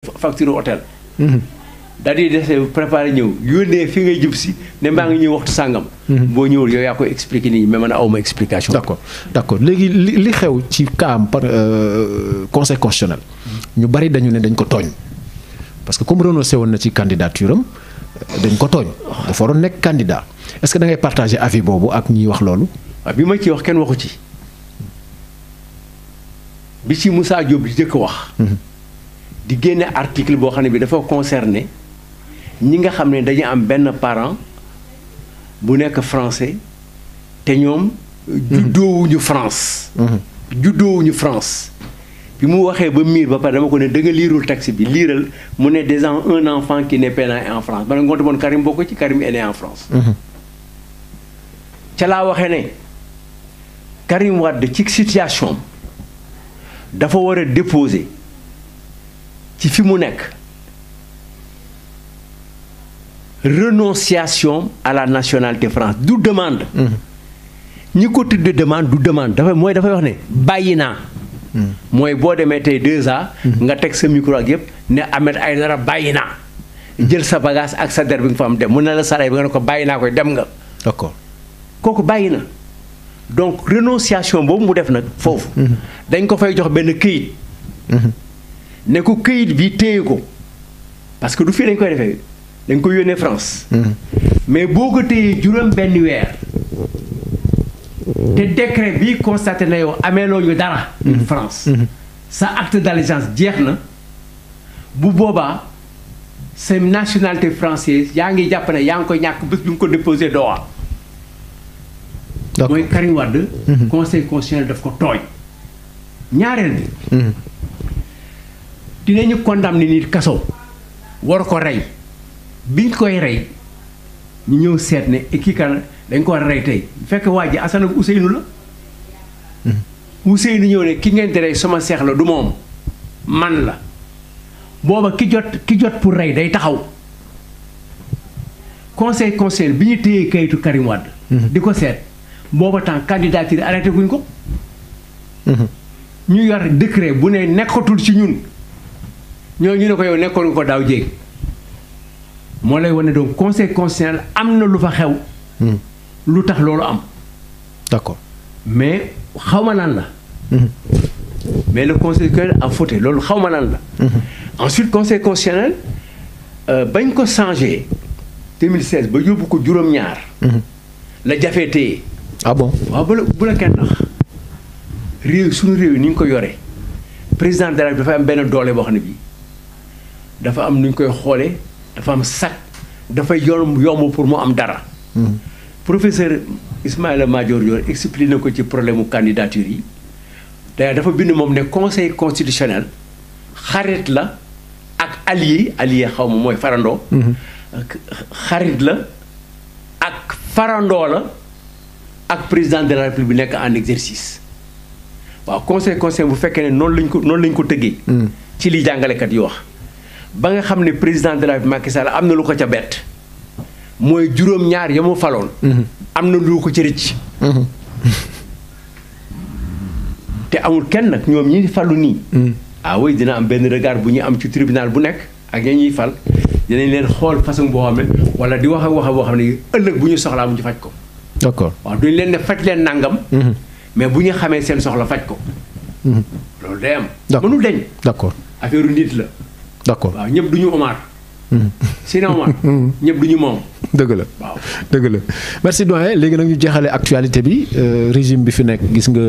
facture hôtel. Mhm. daal di dese préparé ñëw yónnee fi ngay jub si ne maa ngi ñëw waxtu sàngam. Mhm. boo ñëwul yow yaa koy expliqué nit ñi mais man awma explication. d' accord d' accord léegi li xew ci kaam par euh, conseil constitutionnel. Mhm. ñu bari dañu ne dañ ko tooñ. parce que comme renoncé woon na ci candidature am euh, dañ ko tooñ. dafa waroon nekk candidat est ce que da ngay partagé avis boobu ak ñuy wax loolu. waaw ah, bi ma ciy wax kenn waxu ci. bi ci Moussa Diop di jëkk wax. di génne article boo xam ne bi dafa concerné ñi nga xam ne dañu am benn parent bu nekk français te ñoom juddoowuñu France mhm. juddoowuñu France bi mu waxee ba miir ba pare dama ko ne da nga liirul taxi bi liiral mu ne déjà un enfant qui n'est pas en France ma ne ngoonte moon Karim bokk ci Karim est né en France mhm. ca laa waxee ne Karim Wade ci situation dafa war a déposé ci fi mu nekk renonciation à national nationalité française du demande. Mm-hmm. ñi ko tudd demande du demande dafa mooy dafay wax ne bàyyi naa. Mm-hmm. mooy boo demee tey deux ans. Mm-hmm. nga teg sa micro ak yëpp ne ay Aïdara bàyyi naa. jël sa bagage ak sa der bi nga fa am dem mu ne la salaire bi nga ne ko bàyyi naa koy dem nga. d'accord kooku bàyyi na. donc renonciation boobu mu def nag foofu. dañ ko fay jox benn këyit. ne ko këyit bi téye ko parce que du fii dañ koy defee dañ koy yónnee France. Hmm. mais boo ko téyee juróom benn weer. te décret bi constaté na yow ameeloo ñu dara. Hmm. France. Hmm. sa acte d'allégeance jeex na bu boobaa sa nationalité française yaa ngi jàpp ne yaa ngi ko ñàkk bés bi nga ko déposé Doha. mooy Karim Wade. conseil constitutionnel daf ko tooñ. ñaareel bi. dina dinañu condamné nit kaso war a ko rey biñ koy rey ñu ñëw seet ne kii kan dañ ko war a rey tey bu fekkee waa ji Assane ak Ousseynou la mhm. Ousseynou ñëw ne ki ngeen di rey sama seex la du moom man la booba ki jot ki jot pour rey day taxaw conseil conseil bi ñu téyee kayitu Karim mhm. di ko seet booba temps candidature arrêté guñ ko mhm. ñu yor décret bu ne nekkatul ci ñun ñoo ñu ne ko yow nekkoon ko daaw jéeg moo lay wane donc conseil constitutionnel am na lu fa xew. Hmm. lu tax loolu am. d'accord mais xaw ma naan la. Hmm. mais le conseil constitutionnel a fauté loolu xaw ma naan la. Hmm. ensuite conseil constitutionnel euh, bañ ko changé 2016 ba yóbbu ko juróom-ñaar. la jafee téye. Ah waaw bu la bu la kenn tax réew suñu réew yi ni ñu ko yore président de la dafa am benn doole boo xam ne bii. dafa am nu ñu koy xoolee dafa am sac dafa yomb yomb pour mu am dara. Hmm. professeur Ismaïla Madior Dior expliqué na ko ci problème mu candidature yi d'ailleurs dafa bind moom ne conseil constitutionnel xarit la ak allié allié xaw ma mooy farandoo. Hmm. xarit la ak farandoo la ak président de la république nekk en exercice waaw conseil conseil bu fekkee ne noonu lañ ko noonu lañ ko tëggee. Hmm. ci li jàngalekat yi wax. ba nga xam ne président de la République Macky Sall am na lu ko ca bett mooy juróom-ñaar ya mu faloon. Mhm. am na lu ko ci rëcc. Mhm. te amul kenn nag ñoom ñi falu nii. Mhm. ah oui dina am benn regard bu ñu am ci tribunal bu nekk ak ña ñuy fal dinañ leen xool façon boo xam ne wala di wax ak wax boo xam ne ëllëg bu ñu soxlaa mu ñu faj ko. d'accord waaw duñ leen ne faj leen nangam. mais bu ñu xamee seen soxla faj ko. loolu day am. mënul deñ. d'accord affaire nit la. d' accord waaw ñëpp du ñu Omar. Hmm. Sina Omar. Hmm. ñëpp ñu moom. dëgg la waaw dëgg la merci doyen léegi nag ñu jeexale actualité bi euh, régime bi fi nekk gis nga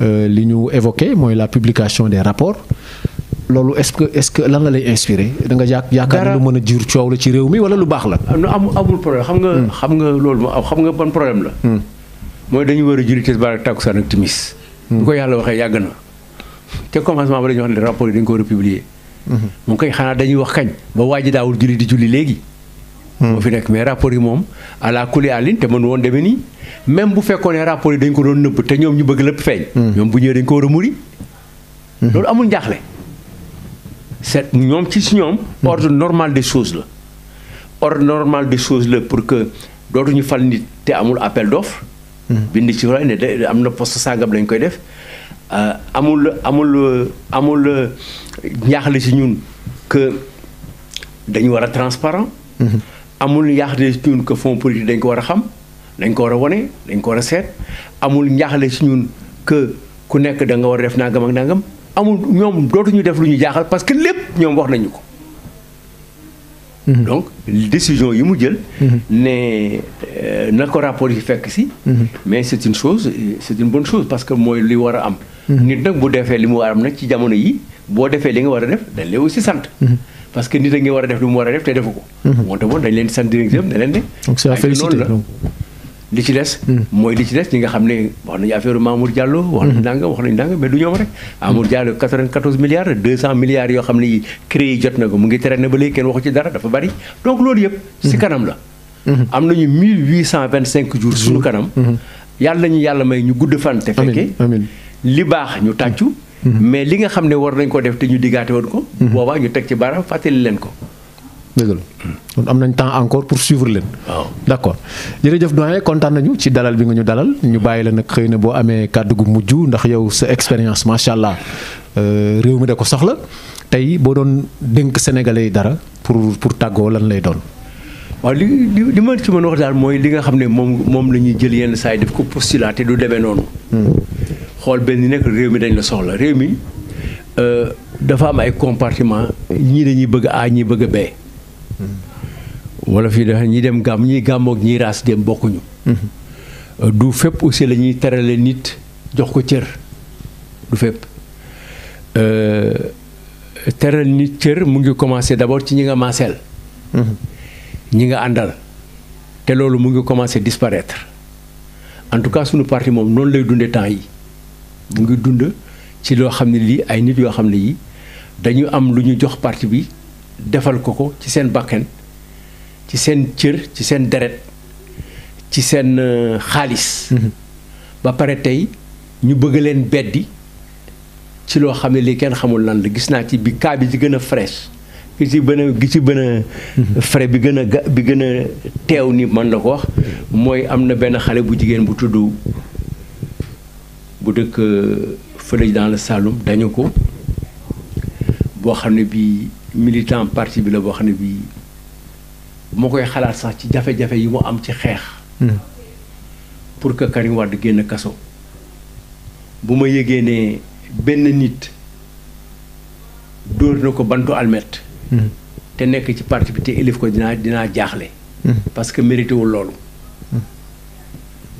euh, li ñu évoqué mooy la publication des rapports loolu est ce que est ce que lan la lay inspiré da nga yaakaar lu mën a jur coow la ci réew mi wala lu baax la. Ah, amul amul problème xam nga. Hmm. xam nga loolu xam nga ban problème la. mooy dañu war a juri tisbaar ak takkusaan ak timis. bu ko yàlla waxee yàgg na. te commencement ba dañu ko war moom kañ xanaa dañuy wax kañ ba waa ji daawul julli di julli léegi. moo fi nekk mais rapport yi moom ala kuli àllin te mën woon demee nii même bu fekkoon ne rapport dañ ko doon nëbb te ñoom ñu bëgg lépp feeñ. Hmm. ñoom bu ñëwee dañ ko war a muri. Hmm. loolu amul njaaxle. set ñoom ci si ñoom. Hmm. ordre normal des choses la. ordre normal des choses la pour que dootuñu fal nit te amul appel d'offre. bind ci wala ne am na poste sangam lañ koy def Euh, amul amul euh, amul ñaaxle euh, si ñun que dañu war a transparent mm-hmm. amul ñaaxle si ñun que fonds politique dañ ko war a xam dañ ko war a wone dañ ko war a seet amul ñaaxle si ñun que ku nekk da nga war def nangam ak nangam amul ñoom dootuñu def lu ñu jaaxal parce que lépp ñoom wax nañu ko. Mm-hmm. donc décision yi mu jël. Mm-hmm. ne na ko rapport yi fekk si. mais c' est une chose c' est une bonne chose parce que mooy li war a am. nit nag bu defee li mu waram nag ci jamono yi li war a def dañ lay aussi sant. Mhm. parce que nit a nga war a def lu mu war a def te defu ko. wante mhm. bon dañ leen di sant di leen de. donc c'est à la li ci des. Mhm. mooy li ci des ñi nga xam ne wax nañu affaire Mamour Diallo. wax nañu danga wax nañu danga mais du ñoom rek. Mamour Diallo 94 milliards 200 milliards yoo xam ne yi créé jot na ko mu ngi na ba léegi kenn waxu ci dara dafa bari donc loolu yëpp. si kanam may ñu gudd fan. te li baax ñu tàccu mhm. mais li nga xam ne war nañ ko def te ñu diggaate woon ko mhm. boobaa ñu teg ci baaraam fàttali leen ko dëgg la am nañ temps encore pour suivre leen waaw d' accord jërëjëf doyen kontaan nañu ci dalal bi nga ñu dalal ñu bàyyi la nag xëy na boo amee kàddu gu mujj ndax yow sa expérience macha allah euh, réew mi de ko soxla tey boo doon dénk sénégalais yi dara pour pour tàggoo lan lay doon waaw li li ma ci mën wax daal mooy li nga xam ne moom moom la ñuy jël yenn saa yi def ko postulaté du demee noonu hmm. xool benn nekk réew mi dañ la soxla réew mi euh, dafa am ay compartiment ñii dañuy bëgg A ñi bëgg B. wala fii dafa ñi dem gàmm ñii gàmmoog ñii ras dem bokkuñu. Hmm. Euh, du fépp aussi lañuy terale nit jox ko cër du fépp. Euh, teral nit cër mu ngi commencé d' abord ci ñi nga maaseel. Hmm. ñi nga àndal. te loolu mu ngi commencé disparaître en tout cas suñu parti moom noonu lay dundee temps yi mu ngi dund ci loo xam ne lii ay nit yoo xam ne yii dañu am lu ñu jox parti bi defal ko ko ci seen bakkan ci seen cër ci seen deret ci seen euh, xaalis. Mm-hmm. ba pare tey ñu bëgg leen beddi ci loo xam ne li kenn xamul lan la gis naa ci bi cas ci gën a fraîche. gi ci bën a gi mm-hmm. bi gën a ga bi gën a teew ni man la ko wax mm-hmm. mooy am na benn xale bu jigéen bu tudd bu dëkk fële dans le Saloum dañu ko boo xam ne bii militant partie bi la boo xam ne bii moo koy xalaat sax ci jafe-jafe yi mu am ci xeex. Hmm. pour que Karim génn kaso. bu ma yëgee ne benn nit dóor na ko bantu almet. Hmm. te nekk ci parti bi te élif ko dinaa dinaa jaaxle. Hmm. parce que mérité loolu.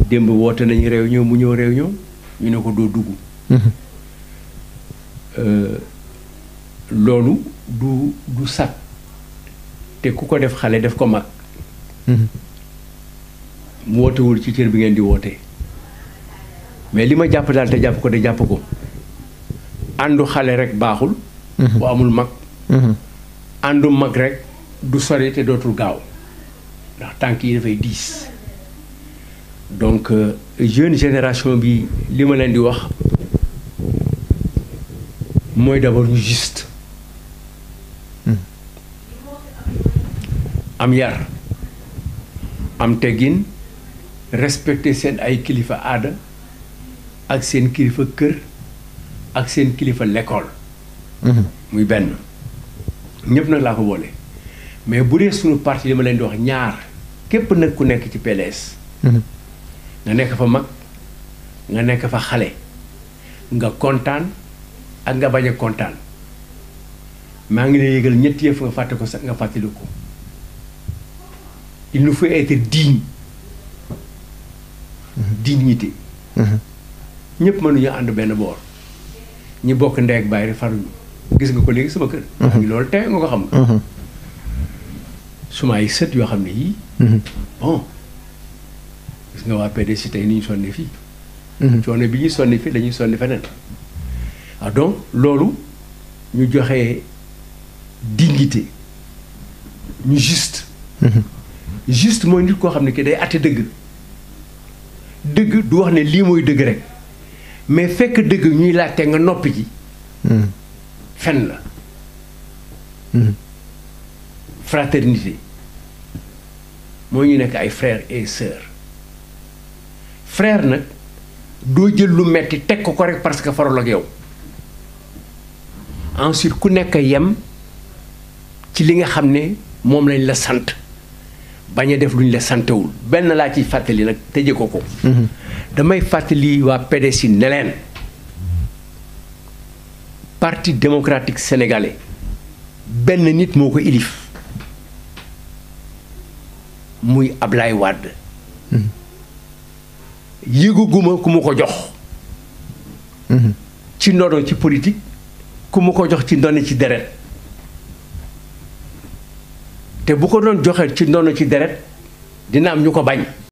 démb woote nañu réunion mu ñëw réunion. ñu ne ko doo dugg mhm. euh, loolu du du sat te ku ko def xale def ko mag mhm. mu wootewul ci cër bi ngeen di wootee mais li ma jàpp daal te jàpp ko de jàpp ko àndu xale rek baaxul bu mhm. amul mag àndu mag rek du sori te dootul gaaw ndax tànk yi dafay diis donc euh, jeune génération bi li ma leen di wax mooy d'abord juste hmm. am yar am teggin respecter seen ay kilifa aada ak seen kilifa kër ak seen kilifa l'école hmm. muy benn ñëpp nag laa ko boole mais bu dee suñu parti li ma leen di wax ñaar képp nag ku nekk ci PDS nga nekk fa mag nga nekk fa xale nga kontaan ak nga bañ a kontaan maa ngi lay yëgal ñetti yëf nga fàtte ko sax nga fàttali ko il nous faut être digne mm-hmm. dignité mm-hmm. ñëpp mënuñu ànd benn boor ñu bokk ndey ak bàyyi faruñu gis nga ko léegi sama kër mm-hmm. loolu tey nga ko xam nga su ay sët yoo xam ne yii gis nga waa PDS tey ni ñu sonne fii. coono bi ñuy sonni fii lañuy sonni feneen. ah donc loolu ñu joxe dignité ñu juste. Mhm. juste mooy nit koo xam ne ki day àtte dëgg. dëgg du wax ne lii mooy dëgg rek mais fekk dëgg ñuy laajte nga noppi ji. Mhm. fen la. Mhm. fraternité moo ñu nekk ay frères et sœurs. frère nag doo jël lu metti teg ko ko rek parce que farol ak yow ensuite ku nekk yem ci li nga xam ne moom lañ la sant bañ a def lu la santewul benn laa ciy fàttali nag tëje ko ko mm-hmm. damay fàttali waa PDS ne leen parti démocratique sénégalais benn nit moo ko ilif muy Ablaye Wade mm-hmm. yëguguma ku mu ko jox mhm. ci ndono ci politique ku mu ko jox ci ndono ci deret te bu ko doon joxe ci ndono ci deret dina am ñu ko bañ